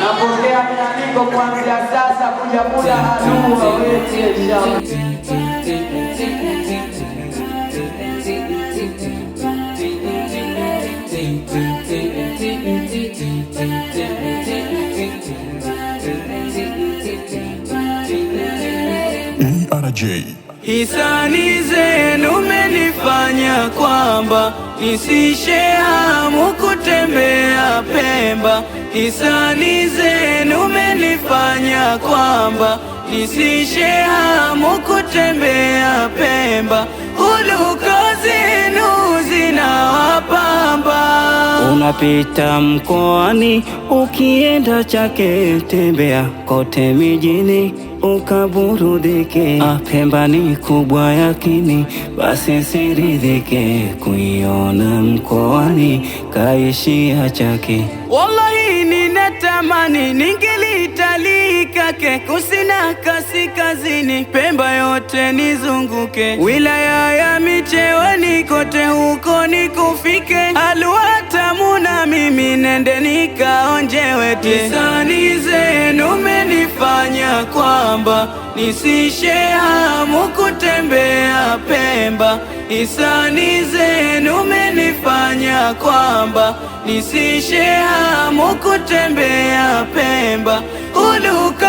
Napokea miandiko kuanzia sasa kuja muda adui wawetie shauri. Hisani zenu menifanya kwamba nisishe hamu kutembea Pemba. Hisani zenu menifanya kwamba nisishe hamu kutembea Pemba. Huluka zenu zinawapamba. Unapita mkoani ukienda Chake, tembea kote mijini ukaburudike, apemba ni kubwa yakini, basi siridhike kuiona mkoani kaishia Chake. Wallahi ninatamani ningelitalii Kake, kusina kasi kazini, Pemba yote nizunguke, wilaya ya Micheweni kote huko nikufike, alua tamu na mimi nende nikaonje wete kwamba nisishe kutembea Pemba. Hisani zenu menifanya kwamba nisishehamu kutembea Pemba. Uluka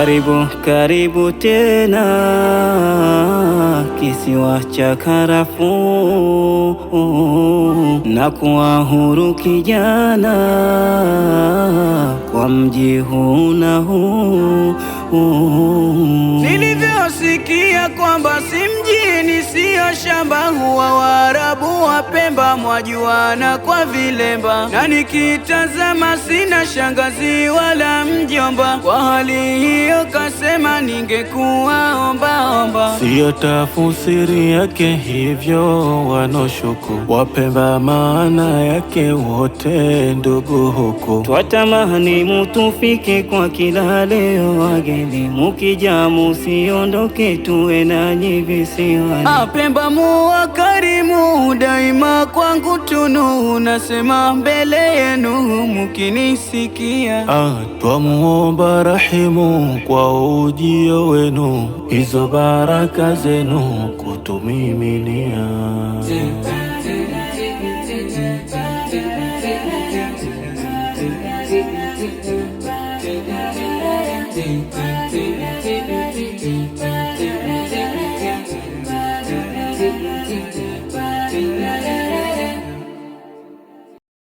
Karibu karibu tena kisiwa cha karafuu, na kuwa huru kijana kwa mji huu na huu. Nilivyosikia kwamba si mjini si mashamba huwa Waarabu wa Pemba mwajuana kwa vilemba, na nikitazama sina shangazi wala mjomba. Kwa hali hiyo kasema ningekuwa ombaomba. Siyo tafusiri yake hivyo wanoshuku Wapemba, maana yake wote ndugu huku. Twatamani mutufike kwa kila leo, wageni mukija musiondoke, tuwe nanyi visiwani. Ah, Bamu wa karimu daima kwangu tunu, nasema mbele yenu mukinisikia. Ah, twamuomba rahimu kwa ujio wenu, hizo baraka zenu kutumiminia